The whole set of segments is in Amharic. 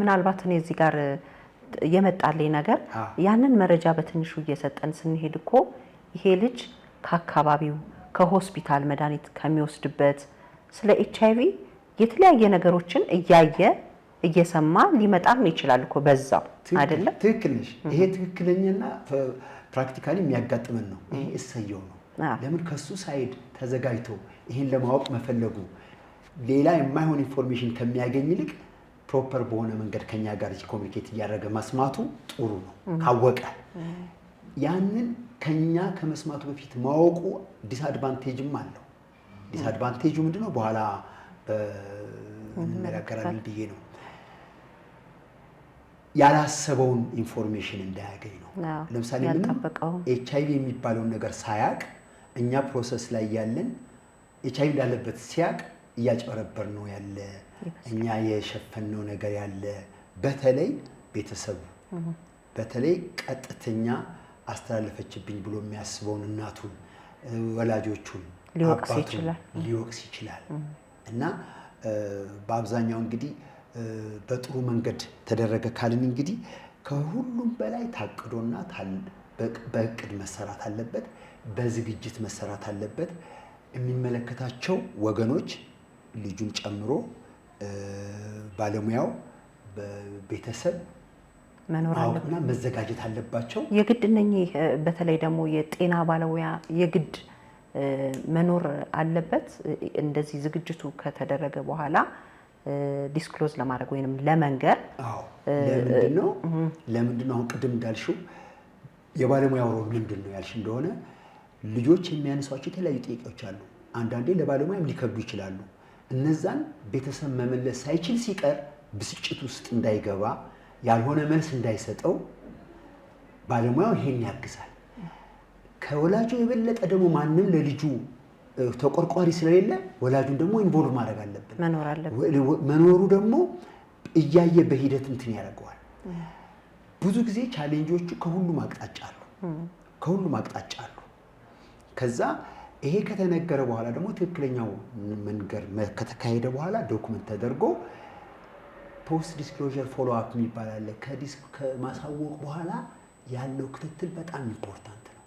ምናልባት እኔ እዚህ ጋር የመጣልኝ ነገር ያንን መረጃ በትንሹ እየሰጠን ስንሄድ እኮ ይሄ ልጅ ከአካባቢው ከሆስፒታል መድኃኒት ከሚወስድበት ስለ ኤች አይቪ የተለያየ ነገሮችን እያየ እየሰማ ሊመጣም ይችላል እኮ በዛው አይደለም። ትክክል ነሽ። ይሄ ትክክለኛና ፕራክቲካሊ የሚያጋጥመን ነው። ይሄ እሰየው ነው። ለምን ከሱ ሳይድ ተዘጋጅቶ ይሄን ለማወቅ መፈለጉ ሌላ የማይሆን ኢንፎርሜሽን ከሚያገኝ ይልቅ ፕሮፐር በሆነ መንገድ ከኛ ጋር ኮሚኒኬት እያደረገ መስማቱ ጥሩ ነው። ካወቀ ያንን ከኛ ከመስማቱ በፊት ማወቁ ዲስአድቫንቴጅም አለው። ዲስአድቫንቴጁ ምንድነው? በኋላ እንነጋገራለን ብዬ ነው። ያላሰበውን ኢንፎርሜሽን እንዳያገኝ ነው። ለምሳሌ ኤች አይቪ የሚባለውን ነገር ሳያቅ እኛ ፕሮሰስ ላይ ያለን ኤች አይቪ እንዳለበት ሲያቅ እያጨበረበር ነው ያለ እኛ የሸፈነው ነገር ያለ በተለይ ቤተሰቡ በተለይ ቀጥተኛ አስተላለፈችብኝ ብሎ የሚያስበውን እናቱን ወላጆቹን ሊወቅስ ይችላል እና በአብዛኛው እንግዲህ በጥሩ መንገድ ተደረገ ካልን እንግዲህ ከሁሉም በላይ ታቅዶና በእቅድ መሰራት አለበት፣ በዝግጅት መሰራት አለበት። የሚመለከታቸው ወገኖች ልጁን ጨምሮ ባለሙያው በቤተሰብ ማወቅና መዘጋጀት አለባቸው። የግድ እነኚህ በተለይ ደግሞ የጤና ባለሙያ የግድ መኖር አለበት። እንደዚህ ዝግጅቱ ከተደረገ በኋላ ዲስክሎዝ ለማድረግ ወይም ለመንገር ለምንድነው ለምንድነው አሁን ቅድም እንዳልሽው የባለሙያው ሮል ምንድን ነው ያልሽ እንደሆነ ልጆች የሚያነሷቸው የተለያዩ ጥያቄዎች አሉ። አንዳንዴ ለባለሙያም ሊከብዱ ይችላሉ። እነዛን ቤተሰብ መመለስ ሳይችል ሲቀር ብስጭት ውስጥ እንዳይገባ ያልሆነ መልስ እንዳይሰጠው ባለሙያው ይሄን ያግዛል። ከወላጁ የበለጠ ደግሞ ማንም ለልጁ ተቆርቋሪ ስለሌለ ወላጁን ደግሞ ኢንቮልቭ ማድረግ አለብን። መኖሩ ደግሞ እያየ በሂደት እንትን ያደርገዋል። ብዙ ጊዜ ቻሌንጆቹ ከሁሉም አቅጣጫ አሉ፣ ከሁሉም አቅጣጫ አሉ። ከዛ ይሄ ከተነገረ በኋላ ደግሞ ትክክለኛው መንገድ ከተካሄደ በኋላ ዶኩመንት ተደርጎ ፖስት ዲስክሎር ፎሎ አፕ የሚባል አለ። ከማሳወቅ በኋላ ያለው ክትትል በጣም ኢምፖርታንት ነው።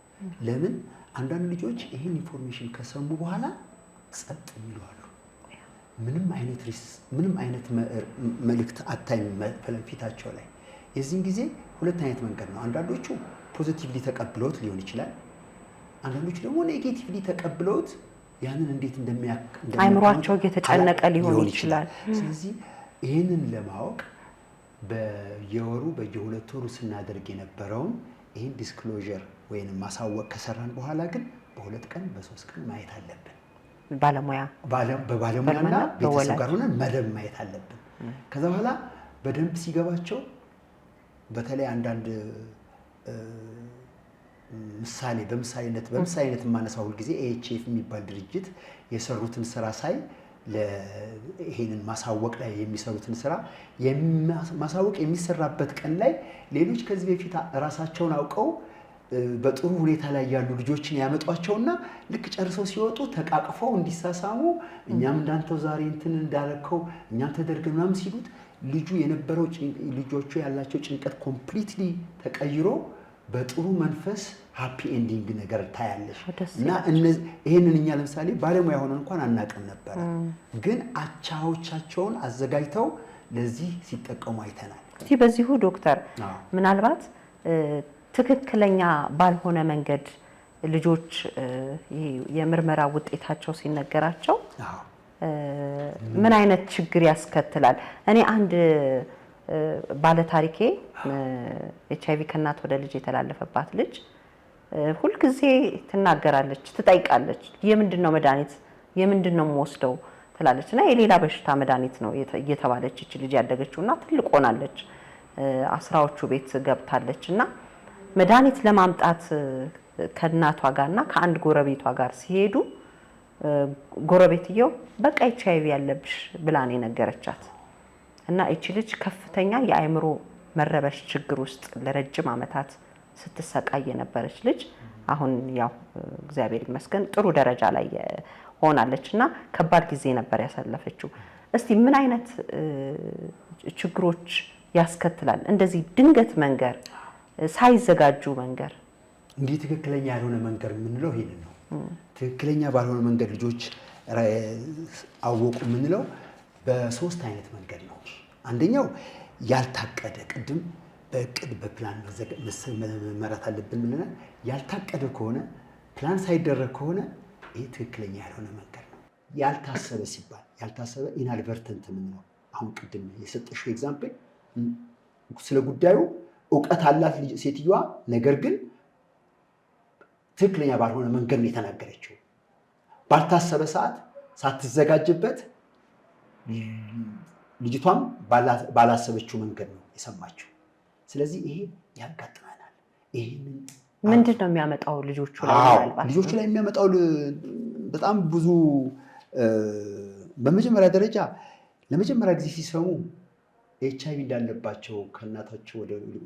ለምን አንዳንድ ልጆች ይህን ኢንፎርሜሽን ከሰሙ በኋላ ጸጥ የሚሉ ምንም አይነት ሪስ ምንም አይነት መልእክት አታይም ፊታቸው ላይ። የዚህን ጊዜ ሁለት አይነት መንገድ ነው። አንዳንዶቹ ፖዚቲቭሊ ተቀብለውት ሊሆን ይችላል አንዳንዶች ደግሞ ኔጌቲቭሊ ተቀብለውት ያንን እንዴት አይምሯቸው እየተጨነቀ ሊሆን ይችላል። ስለዚህ ይህንን ለማወቅ በየወሩ በየሁለት ወሩ ስናደርግ የነበረውን ይህን ዲስክሎዥር ወይም ማሳወቅ ከሰራን በኋላ ግን በሁለት ቀን በሶስት ቀን ማየት አለብን። በባለሙያና ቤተሰብ ጋር ሆነ መደብ ማየት አለብን። ከዛ በኋላ በደንብ ሲገባቸው በተለይ አንዳንድ ምሳሌ በምሳሌነት በምሳሌነት የማነሳው ሁልጊዜ ኤችኤፍ የሚባል ድርጅት የሰሩትን ስራ ሳይ ይሄንን ማሳወቅ ላይ የሚሰሩትን ስራ ማሳወቅ የሚሰራበት ቀን ላይ ሌሎች ከዚህ በፊት ራሳቸውን አውቀው በጥሩ ሁኔታ ላይ ያሉ ልጆችን ያመጧቸውና ልክ ጨርሰው ሲወጡ ተቃቅፈው እንዲሳሳሙ እኛም እንዳንተው ዛሬ እንትን እንዳለከው እኛም ተደርገን ምናምን ሲሉት ልጁ የነበረው ልጆቹ ያላቸው ጭንቀት ኮምፕሊትሊ ተቀይሮ በጥሩ መንፈስ ሃፒ ኤንዲንግ ነገር ታያለሽ። እና ይህንን እኛ ለምሳሌ ባለሙያ የሆነ እንኳን አናውቅም ነበረ፣ ግን አቻዎቻቸውን አዘጋጅተው ለዚህ ሲጠቀሙ አይተናል። እስቲ በዚሁ ዶክተር፣ ምናልባት ትክክለኛ ባልሆነ መንገድ ልጆች የምርመራ ውጤታቸው ሲነገራቸው ምን አይነት ችግር ያስከትላል? እኔ አንድ ባለታሪኬ ኤች አይቪ ከእናት ወደ ልጅ የተላለፈባት ልጅ ሁልጊዜ ትናገራለች፣ ትጠይቃለች። የምንድን ነው መድኃኒት የምንድን ነው የምወስደው ትላለች። እና የሌላ በሽታ መድኃኒት ነው እየተባለች ይች ልጅ ያደገችው እና ትልቅ ሆናለች። አስራዎቹ ቤት ገብታለች እና መድኃኒት ለማምጣት ከእናቷ ጋር እና ከአንድ ጎረቤቷ ጋር ሲሄዱ ጎረቤትየው በቃ ኤች አይቪ ያለብሽ ብላ ነው የነገረቻት። እና ይቺ ልጅ ከፍተኛ የአእምሮ መረበሽ ችግር ውስጥ ለረጅም ዓመታት ስትሰቃይ የነበረች ልጅ አሁን ያው እግዚአብሔር ይመስገን ጥሩ ደረጃ ላይ ሆናለች እና ከባድ ጊዜ ነበር ያሳለፈችው። እስቲ ምን አይነት ችግሮች ያስከትላል እንደዚህ ድንገት መንገር፣ ሳይዘጋጁ መንገር? እንግዲህ ትክክለኛ ያልሆነ መንገር የምንለው ይህንን ነው። ትክክለኛ ባልሆነ መንገድ ልጆች አወቁ የምንለው በሶስት አይነት መንገድ ነው። አንደኛው ያልታቀደ ቅድም በእቅድ በፕላን መመራት አለብን ብለናል። ያልታቀደ ከሆነ ፕላን ሳይደረግ ከሆነ ይህ ትክክለኛ ያልሆነ መንገድ ነው። ያልታሰበ ሲባል ያልታሰበ ኢናድቨርተንት የምንለው አሁን ቅድም የሰጠሽው ኤግዛምፕል ስለ ጉዳዩ እውቀት አላት ሴትዮዋ፣ ነገር ግን ትክክለኛ ባልሆነ መንገድ ነው የተናገረችው። ባልታሰበ ሰዓት ሳትዘጋጅበት ልጅቷም ባላሰበችው መንገድ ነው የሰማችው። ስለዚህ ይሄ ያጋጥመናል። ይህንን ምንድን ነው የሚያመጣው ልጆቹ ላይ ልጆቹ ላይ የሚያመጣው በጣም ብዙ በመጀመሪያ ደረጃ ለመጀመሪያ ጊዜ ሲሰሙ ኤች አይቪ እንዳለባቸው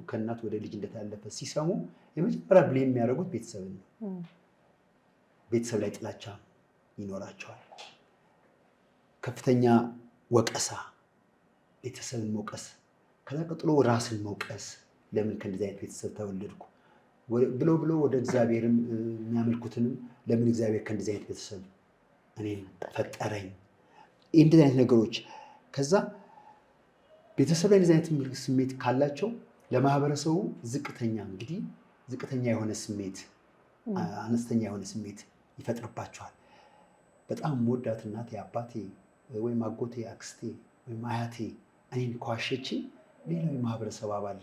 ከእናት ወደ ልጅ እንደተላለፈ ሲሰሙ የመጀመሪያ ብሌም የሚያደርጉት ቤተሰብ ነው። ቤተሰብ ላይ ጥላቻ ይኖራቸዋል። ከፍተኛ ወቀሳ፣ ቤተሰብን መውቀስ፣ ከዛ ቀጥሎ ራስን መውቀስ። ለምን ከእንደዚህ አይነት ቤተሰብ ተወለድኩ ብሎ ብሎ ወደ እግዚአብሔርም የሚያመልኩትንም ለምን እግዚአብሔር ከእንደዚህ አይነት ቤተሰብ እኔን ፈጠረኝ? ይህ እንደዚህ አይነት ነገሮች ከዛ ቤተሰብ ላይ እንደዚህ አይነት ስሜት ካላቸው ለማህበረሰቡ ዝቅተኛ እንግዲህ ዝቅተኛ የሆነ ስሜት አነስተኛ የሆነ ስሜት ይፈጥርባቸዋል። በጣም መወዳት እናቴ አባቴ ወይም አጎቴ፣ አክስቴ ወይም አያቴ እኔን ከዋሸችኝ ሌላው የማህበረሰብ አባል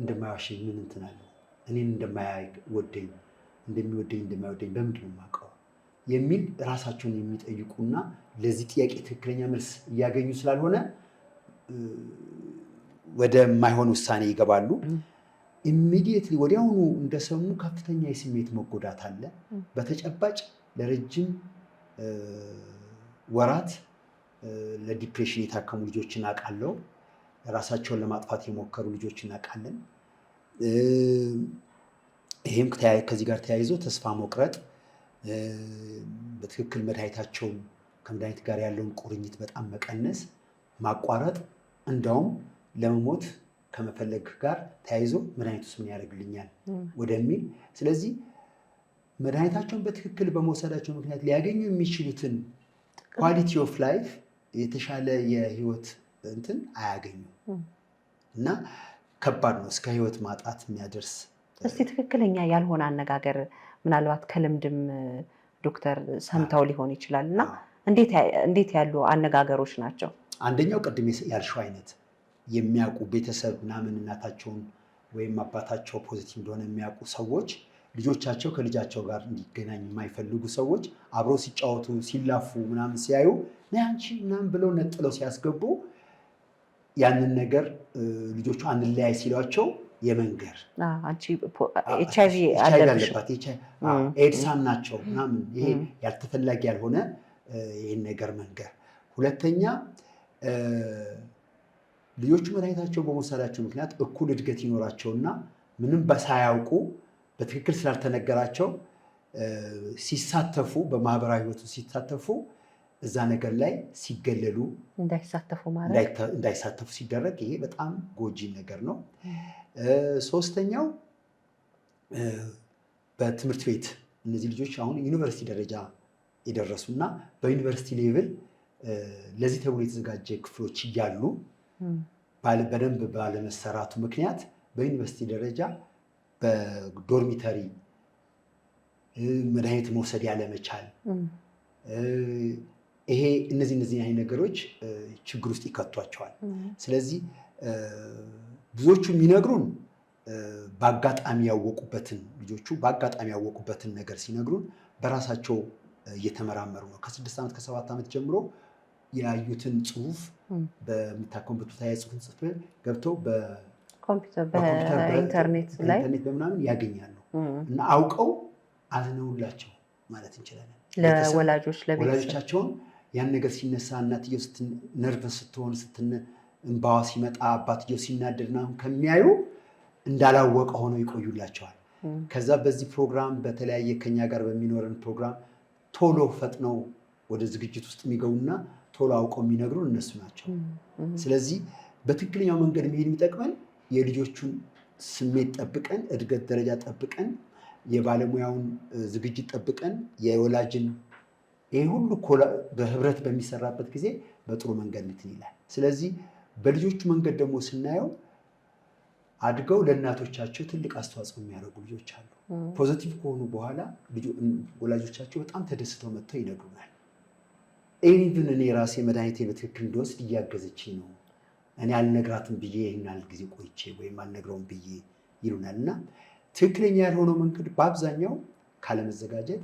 እንደማይዋሸኝ ምን እንትን አለው? እኔን እንደማይወደኝ እንደሚወደኝ እንደማይወደኝ በምንድን ነው የማውቀው? የሚል ራሳቸውን የሚጠይቁና ለዚህ ጥያቄ ትክክለኛ መልስ እያገኙ ስላልሆነ ወደማይሆን ውሳኔ ይገባሉ። ኢሚዲየትሊ ወዲያውኑ እንደሰሙ ከፍተኛ የስሜት መጎዳት አለ። በተጨባጭ ለረጅም ወራት ለዲፕሬሽን የታከሙ ልጆች እናውቃለው። ራሳቸውን ለማጥፋት የሞከሩ ልጆች እናውቃለን። ይህም ከዚህ ጋር ተያይዞ ተስፋ መቁረጥ፣ በትክክል መድኃኒታቸውን ከመድኃኒት ጋር ያለውን ቁርኝት በጣም መቀነስ፣ ማቋረጥ እንደውም ለመሞት ከመፈለግ ጋር ተያይዞ መድኃኒቱስ ምን ያደርግልኛል ወደሚል ስለዚህ መድኃኒታቸውን በትክክል በመውሰዳቸው ምክንያት ሊያገኙ የሚችሉትን ኳሊቲ ኦፍ ላይፍ የተሻለ የህይወት እንትን አያገኙም እና ከባድ ነው እስከ ህይወት ማጣት የሚያደርስ እስቲ ትክክለኛ ያልሆነ አነጋገር ምናልባት ከልምድም ዶክተር ሰምተው ሊሆን ይችላል እና እንዴት ያሉ አነጋገሮች ናቸው? አንደኛው ቅድም ያልሽው አይነት የሚያውቁ ቤተሰብ ምናምን እናታቸውን ወይም አባታቸው ፖዚቲቭ እንደሆነ የሚያውቁ ሰዎች ልጆቻቸው ከልጃቸው ጋር እንዲገናኝ የማይፈልጉ ሰዎች አብረው ሲጫወቱ ሲላፉ ምናምን ሲያዩ ናያንቺ ምናምን ብለው ነጥለው ሲያስገቡ ያንን ነገር ልጆቹ አንለያይ ሲሏቸው የመንገር ኤች አለባት ናቸው ምናምን ይሄ ያልተፈላጊ ያልሆነ ይህን ነገር መንገር። ሁለተኛ ልጆቹ መድኃኒታቸው በመውሰዳቸው ምክንያት እኩል እድገት ይኖራቸውና ምንም በሳያውቁ በትክክል ስላልተነገራቸው ሲሳተፉ በማህበራዊ ህይወቱ ሲሳተፉ እዛ ነገር ላይ ሲገለሉ እንዳይሳተፉ ሲደረግ ይሄ በጣም ጎጂ ነገር ነው። ሶስተኛው በትምህርት ቤት እነዚህ ልጆች አሁን ዩኒቨርሲቲ ደረጃ የደረሱ እና በዩኒቨርሲቲ ሌቭል ለዚህ ተብሎ የተዘጋጀ ክፍሎች እያሉ በደንብ ባለመሰራቱ ምክንያት በዩኒቨርሲቲ ደረጃ በዶርሚተሪ መድኃኒት መውሰድ ያለመቻል፣ ይሄ እነዚህ እነዚህ አይነት ነገሮች ችግር ውስጥ ይከቷቸዋል። ስለዚህ ብዙዎቹ የሚነግሩን በአጋጣሚ ያወቁበትን ልጆቹ በአጋጣሚ ያወቁበትን ነገር ሲነግሩን በራሳቸው እየተመራመሩ ነው። ከስድስት ዓመት ከሰባት ዓመት ጀምሮ ያዩትን ጽሁፍ በምታከምበት ቦታ ጽሁፍን ጽፍ ገብተው ኮምፒውተር በኢንተርኔት ላይ በምናምን ያገኛሉ እና አውቀው አዝነውላቸው ማለት እንችላለን። ለወላጆች ለወላጆቻቸውን ያን ነገር ሲነሳ እናትየው ስትነርቭ ስትሆን ስትን እንባዋ ሲመጣ አባትየው ሲናደድ ምናምን ከሚያዩ እንዳላወቀ ሆነው ይቆዩላቸዋል። ከዛ በዚህ ፕሮግራም በተለያየ ከኛ ጋር በሚኖረን ፕሮግራም ቶሎ ፈጥነው ወደ ዝግጅት ውስጥ የሚገቡና ቶሎ አውቀው የሚነግሩ እነሱ ናቸው። ስለዚህ በትክክለኛው መንገድ መሄድ የሚጠቅመን የልጆቹን ስሜት ጠብቀን እድገት ደረጃ ጠብቀን የባለሙያውን ዝግጅት ጠብቀን የወላጅን ይህ ሁሉ በህብረት በሚሰራበት ጊዜ በጥሩ መንገድ እንትን ይላል። ስለዚህ በልጆቹ መንገድ ደግሞ ስናየው አድገው ለእናቶቻቸው ትልቅ አስተዋጽኦ የሚያደርጉ ልጆች አሉ። ፖዘቲቭ ከሆኑ በኋላ ወላጆቻቸው በጣም ተደስተው መጥተው ይነግሩናል። ኤኒድን እኔ ራሴ መድኃኒቴ በትክክል እንደወስድ እያገዘችኝ ነው እኔ አልነግራትም ብዬ ይህን ያህል ጊዜ ቆይቼ ወይም አልነግረውም ብዬ ይሉናል። እና ትክክለኛ ያልሆነው መንገድ በአብዛኛው ካለመዘጋጀት፣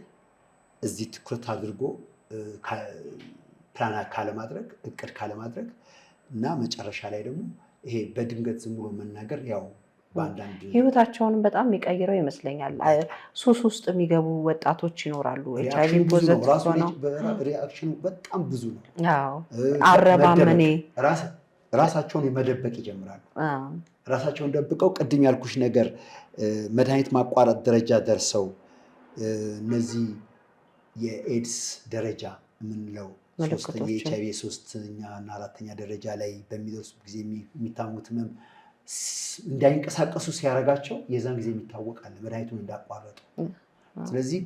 እዚህ ትኩረት አድርጎ ፕላን ካለማድረግ፣ እቅድ ካለማድረግ እና መጨረሻ ላይ ደግሞ ይሄ በድንገት ዝም ብሎ መናገር ያው በአንዳንድ ህይወታቸውንም በጣም የሚቀይረው ይመስለኛል። ሱስ ውስጥ የሚገቡ ወጣቶች ይኖራሉ። ሪአክሽኑ በጣም ብዙ ነው። አረባመኔ ራሳቸውን መደበቅ ይጀምራሉ። ራሳቸውን ደብቀው ቅድም ያልኩሽ ነገር መድኃኒት ማቋረጥ ደረጃ ደርሰው እነዚህ የኤድስ ደረጃ የምንለው ሶስተኛ የኤች አይ ቪ ሶስተኛ እና አራተኛ ደረጃ ላይ በሚደርሱ ጊዜ የሚታሙት ህመም እንዳይንቀሳቀሱ ሲያደርጋቸው የዛን ጊዜ የሚታወቃል መድኃኒቱን እንዳቋረጡ። ስለዚህ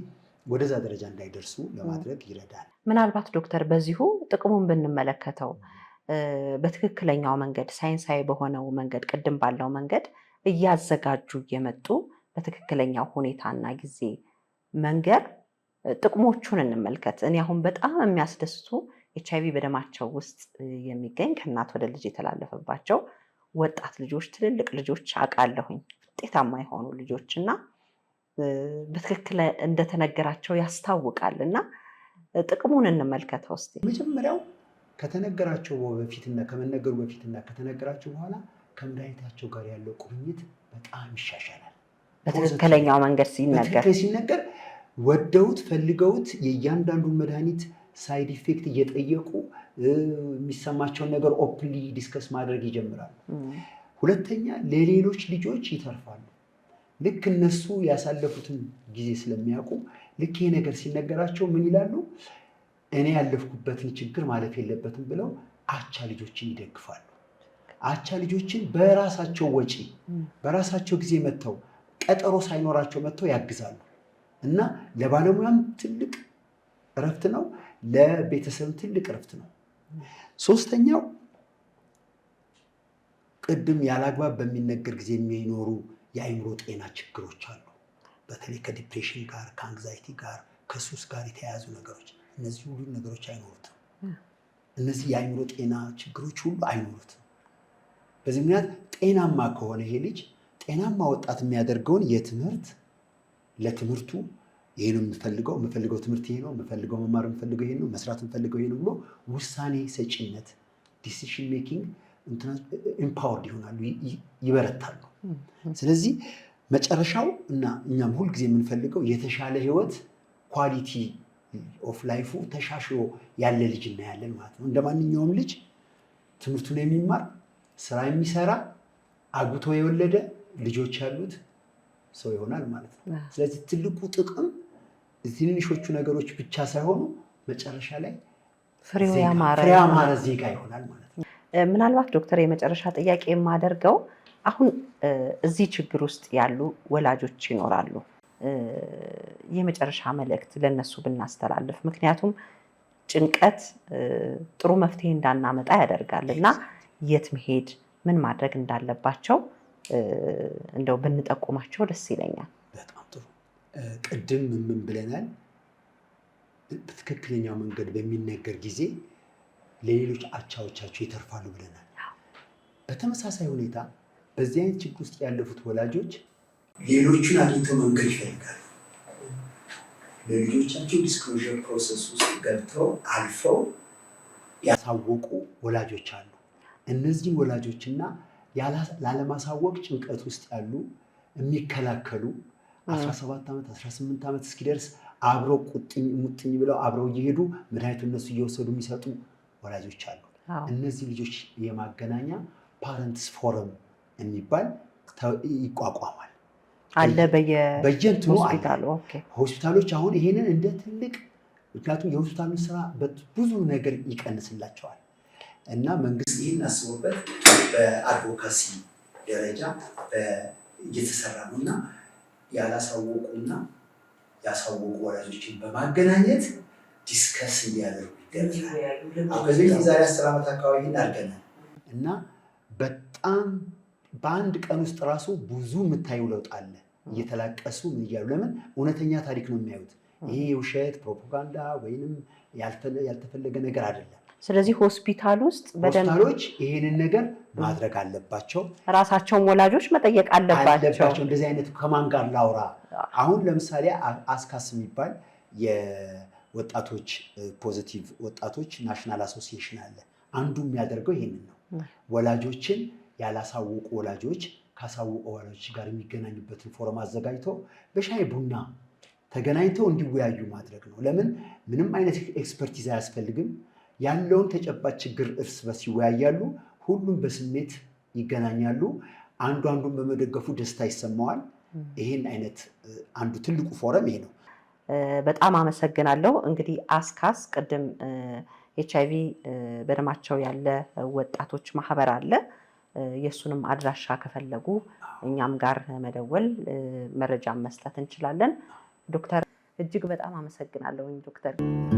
ወደዛ ደረጃ እንዳይደርሱ ለማድረግ ይረዳል። ምናልባት ዶክተር በዚሁ ጥቅሙን ብንመለከተው በትክክለኛው መንገድ ሳይንሳዊ በሆነው መንገድ ቅድም ባለው መንገድ እያዘጋጁ እየመጡ በትክክለኛው ሁኔታና ጊዜ መንገድ ጥቅሞቹን እንመልከት። እኔ አሁን በጣም የሚያስደስቱ ኤች አይቪ በደማቸው ውስጥ የሚገኝ ከእናት ወደ ልጅ የተላለፈባቸው ወጣት ልጆች፣ ትልልቅ ልጆች አውቃለሁኝ ውጤታማ የሆኑ ልጆች እና በትክክል እንደተነገራቸው ያስታውቃል እና ጥቅሙን እንመልከተው እስኪ መጀመሪያው ከተነገራቸው በፊትና ከመነገሩ በፊትና ከተነገራቸው በኋላ ከመድኃኒታቸው ጋር ያለው ቁርኝት በጣም ይሻሻላል። በትክክለኛው መንገድ ሲነገር ሲነገር ወደውት ፈልገውት የእያንዳንዱን መድኃኒት ሳይድ ኢፌክት እየጠየቁ የሚሰማቸውን ነገር ኦፕንሊ ዲስከስ ማድረግ ይጀምራሉ። ሁለተኛ ለሌሎች ልጆች ይተርፋሉ። ልክ እነሱ ያሳለፉትን ጊዜ ስለሚያውቁ ልክ ይሄ ነገር ሲነገራቸው ምን ይላሉ? እኔ ያለፍኩበትን ችግር ማለፍ የለበትም ብለው አቻ ልጆችን ይደግፋሉ። አቻ ልጆችን በራሳቸው ወጪ በራሳቸው ጊዜ መጥተው ቀጠሮ ሳይኖራቸው መጥተው ያግዛሉ እና ለባለሙያም ትልቅ እረፍት ነው፣ ለቤተሰብ ትልቅ እረፍት ነው። ሶስተኛው ቅድም ያላግባብ በሚነገር ጊዜ የሚኖሩ የአይምሮ ጤና ችግሮች አሉ። በተለይ ከዲፕሬሽን ጋር ከአንግዛይቲ ጋር ከሱስ ጋር የተያያዙ ነገሮች እነዚህ ሁሉ ነገሮች አይኖሩትም። እነዚህ የአይምሮ ጤና ችግሮች ሁሉ አይኖሩትም። በዚህ ምክንያት ጤናማ ከሆነ ይሄ ልጅ ጤናማ ወጣት የሚያደርገውን የትምህርት ለትምህርቱ ይህን የምፈልገው የምፈልገው ትምህርት ይሄ ነው የምፈልገው መማር የምፈልገው ይሄ ነው መስራት የምፈልገው ይሄ ነው ብሎ ውሳኔ ሰጪነት ዲሲሽን ሜኪንግ ኢምፓወርድ ይሆናሉ፣ ይበረታሉ። ስለዚህ መጨረሻው እና እኛም ሁልጊዜ የምንፈልገው የተሻለ ህይወት ኳሊቲ ኦፍ ላይፉ ተሻሽሎ ያለ ልጅ እናያለን ማለት ነው። እንደ ማንኛውም ልጅ ትምህርቱን የሚማር ስራ የሚሰራ አግብቶ የወለደ ልጆች ያሉት ሰው ይሆናል ማለት ነው። ስለዚህ ትልቁ ጥቅም ትንንሾቹ ነገሮች ብቻ ሳይሆኑ መጨረሻ ላይ ፍሬው ያማረ ዜጋ ይሆናል ማለት ነው። ምናልባት ዶክተር፣ የመጨረሻ ጥያቄ የማደርገው አሁን እዚህ ችግር ውስጥ ያሉ ወላጆች ይኖራሉ የመጨረሻ መልእክት ለነሱ ብናስተላልፍ፣ ምክንያቱም ጭንቀት ጥሩ መፍትሄ እንዳናመጣ ያደርጋል እና የት መሄድ ምን ማድረግ እንዳለባቸው እንደው ብንጠቁማቸው ደስ ይለኛል። በጣም ጥሩ። ቅድም ምን ብለናል? በትክክለኛው መንገድ በሚነገር ጊዜ ለሌሎች አቻዎቻቸው ይተርፋሉ ብለናል። በተመሳሳይ ሁኔታ በዚህ አይነት ችግር ውስጥ ያለፉት ወላጆች ሌሎችን አግኝቶ መንገድ ይፈልጋሉ። ለልጆቻቸው ዲስክሎዥር ፕሮሰስ ውስጥ ገብተው አልፈው ያሳወቁ ወላጆች አሉ። እነዚህም ወላጆችና ላለማሳወቅ ጭንቀት ውስጥ ያሉ የሚከላከሉ 17 ዓመት 18 ዓመት እስኪደርስ አብረው ቁጥኝ ሙጥኝ ብለው አብረው እየሄዱ መድኃኒቱ እነሱ እየወሰዱ የሚሰጡ ወላጆች አሉ። እነዚህ ልጆች የማገናኛ ፓረንትስ ፎረም የሚባል ይቋቋማል። አለ በየእንትኑ ሆስፒታሎች አሁን ይሄንን እንደ ትልቅ ምክንያቱም የሆስፒታሉን ስራ ብዙ ነገር ይቀንስላቸዋል እና መንግስት ይህን አስቦበት በአድቮካሲ ደረጃ እየተሰራ ነው እና ያላሳወቁና ያሳወቁ ወላጆችን በማገናኘት ዲስከስ እንዲያደርጉ ይገኛል። የዛሬ አስር ዓመት አካባቢ አድርገናል እና በጣም በአንድ ቀን ውስጥ ራሱ ብዙ የምታዩ ለውጥ አለ። እየተላቀሱ ምን እያሉ ለምን እውነተኛ ታሪክ ነው የሚያዩት። ይሄ የውሸት ፕሮፓጋንዳ ወይንም ያልተፈለገ ነገር አይደለም። ስለዚህ ሆስፒታል ውስጥ ሆስፒታሎች ይህንን ነገር ማድረግ አለባቸው። ራሳቸውን ወላጆች መጠየቅ አለባቸው። እንደዚህ አይነት ከማን ጋር ላውራ? አሁን ለምሳሌ አስካስ የሚባል የወጣቶች ፖዚቲቭ ወጣቶች ናሽናል አሶሲዬሽን አለ። አንዱ የሚያደርገው ይህንን ነው። ወላጆችን ያላሳወቁ ወላጆች ካሳወቁ ወላጆች ጋር የሚገናኙበትን ፎረም አዘጋጅቶ በሻይ ቡና ተገናኝተው እንዲወያዩ ማድረግ ነው። ለምን ምንም አይነት ኤክስፐርቲዝ አያስፈልግም። ያለውን ተጨባጭ ችግር እርስ በርስ ይወያያሉ። ሁሉም በስሜት ይገናኛሉ። አንዱ አንዱን በመደገፉ ደስታ ይሰማዋል። ይህን አይነት አንዱ ትልቁ ፎረም ይሄ ነው። በጣም አመሰግናለሁ። እንግዲህ አስካስ ቅድም ኤች አይ ቪ በደማቸው ያለ ወጣቶች ማህበር አለ የእሱንም አድራሻ ከፈለጉ እኛም ጋር መደወል መረጃ መስጠት እንችላለን። ዶክተር እጅግ በጣም አመሰግናለሁኝ ዶክተር